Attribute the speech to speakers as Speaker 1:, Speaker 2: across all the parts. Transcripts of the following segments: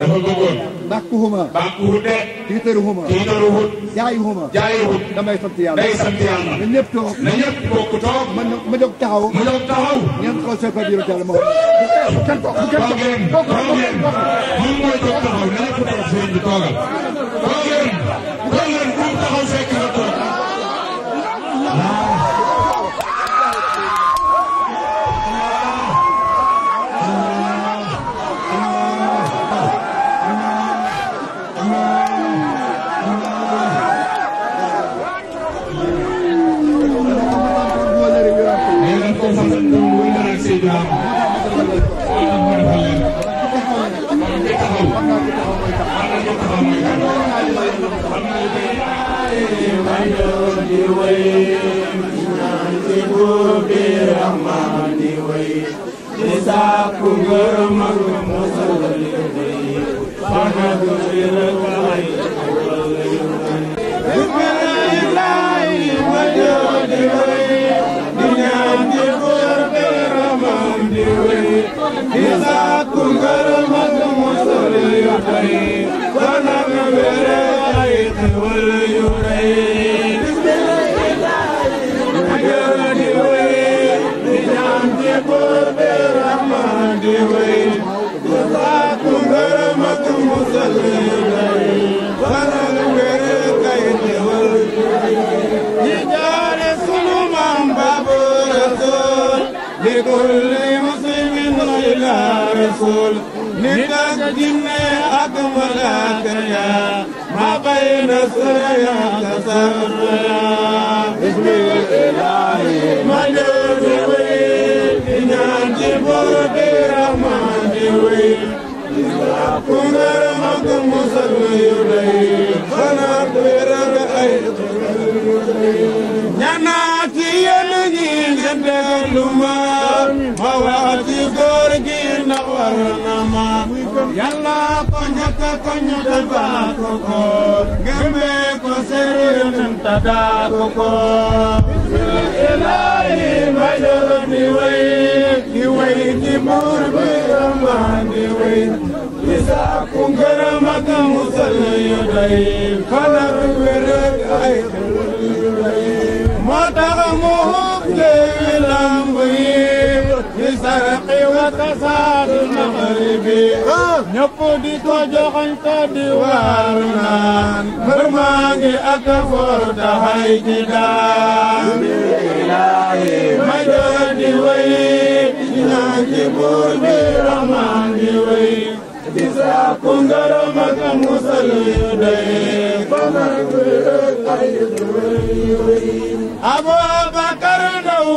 Speaker 1: dafa bëggoon. bàkkuhuma. bàkkuhute. tiitaruhuma. tiitaruhut. jaayuhuma. jaayuhut. damay sant yàlla. day sant yàlla. na ñëpp toog. na ñëpp bokk toog. ma ma jóg taxaw. ma jóg taxaw. ngeen xool seen kër yële jàll ma wax. bu kenn toog bu kenn toog. toog ngeen toog ngeen. moom mooy jóg taxaw na ñëpp toog sëriñ bi toogal. ko saxal ñu wër na ak Seydou Amady. yàlla na ko defal leen. maanaam ñi taxaw. maanaam ñi taxaw mooy kan. xam naa ne tey. Thank you. His الفول نتاك جنة أكملك يا ما بين الثريا تصريا بسم الإله من يرزقني إن أنجبر برحمن يوي كن رمك مسلم يلي خنا برد أيضا ناناتي يلني جدل ما هواتي warul na ma yàlla ko ñàkk ko ñu defal ko ko ngémbe ko séeréer nun tadaa ko ko bismil ilaahi ma joro di way di way di buur bi ramaan di way di saaku ngërëm ak musal yu day fanar wérëg ay xel yu day moo tax mu hub بسرق وتسعد المغرب ñëpp di ko joxoñ ko di waaru naan mbër maa ngi ak for taxay ci daan ma joor di wéy ñaan ci buur bi ramaan di wéy di sàkku ngërëm ak musal yu doy Abubakar ndaw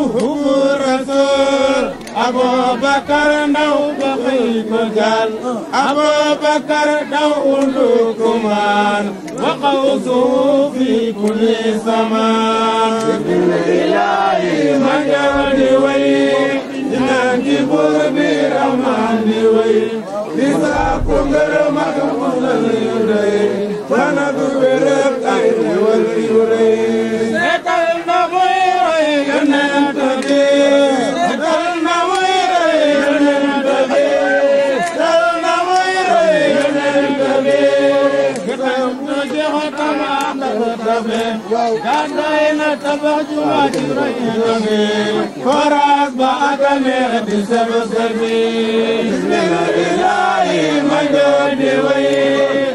Speaker 1: Abu Bakar daw ba xëy ko gaal Abu Bakar daw ulukumaan wa qawsuhu fi kulli zamaan rable gàddaay na tabax jumaa ci rëy na bi faraas ba atamee di sebe serbi bismillahi ma joor di way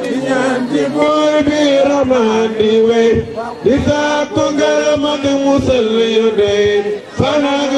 Speaker 1: di ñaan ci buur bi ramaan di way di sàkku ngërëm ak musal yu doy